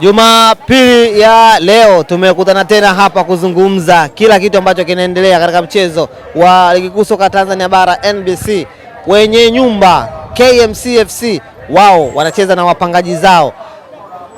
Jumapili ya leo tumekutana tena hapa kuzungumza kila kitu ambacho kinaendelea katika mchezo wa ligi kuu soka Tanzania bara NBC. Wenye nyumba KMC FC wao wanacheza na wapangaji zao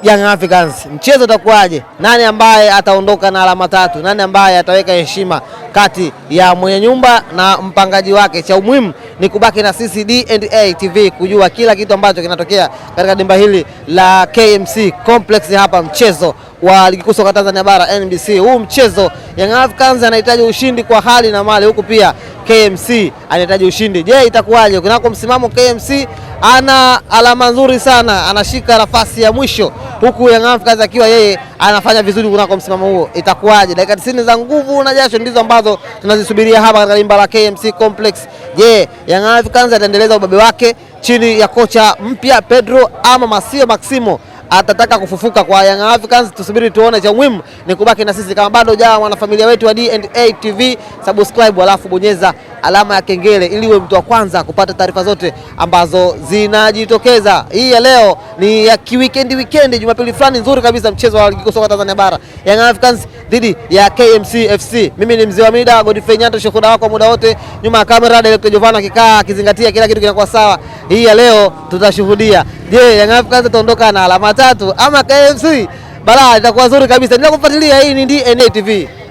Young Africans. Mchezo utakuwaje? Nani ambaye ataondoka na alama tatu? Nani ambaye ataweka heshima kati ya mwenye nyumba na mpangaji wake? Cha umuhimu ni kubaki na sisi D&A TV kujua kila kitu ambacho kinatokea katika dimba hili la KMC Complex hapa, mchezo wa ligi kuu soka Tanzania bara NBC. Huu mchezo Young Africans anahitaji ushindi kwa hali na mali, huku pia KMC anahitaji ushindi. Je, itakuwaje? Kunako msimamo KMC ana alama nzuri sana, anashika nafasi ya mwisho, huku Young Africans akiwa yeye anafanya vizuri kunako msimamo huo. Itakuwaje? Dakika 90 za nguvu na jasho ndizo ambazo tunazisubiria hapa katika dimba la KMC Complex Je, Young Africans ataendeleza ubabe wake chini ya kocha mpya Pedro ama Masio Maximo atataka kufufuka kwa Young Africans? Tusubiri tuone. Cha muhimu ni kubaki na sisi. Kama bado hujawa mwanafamilia wetu wa D&A TV, subscribe alafu bonyeza alama ya kengele ili uwe mtu wa kwanza kupata taarifa zote ambazo zinajitokeza. Hii ya leo ni ya kiwikendi wikendi, Jumapili fulani nzuri kabisa, mchezo wa ligi kuu soka Tanzania bara Young Africans dhidi ya KMC FC. Mimi ni mzee wa mida Godfrey Nyato, shuhuda wako muda wote, nyuma ya kamera Director Jovana akikaa akizingatia kila kitu kinakuwa sawa. Hii ya leo tutashuhudia, je, Young Africans itaondoka na alama tatu ama KMC? Balaa itakuwa nzuri kabisa, nenda kufuatilia. Hii ni DNA TV.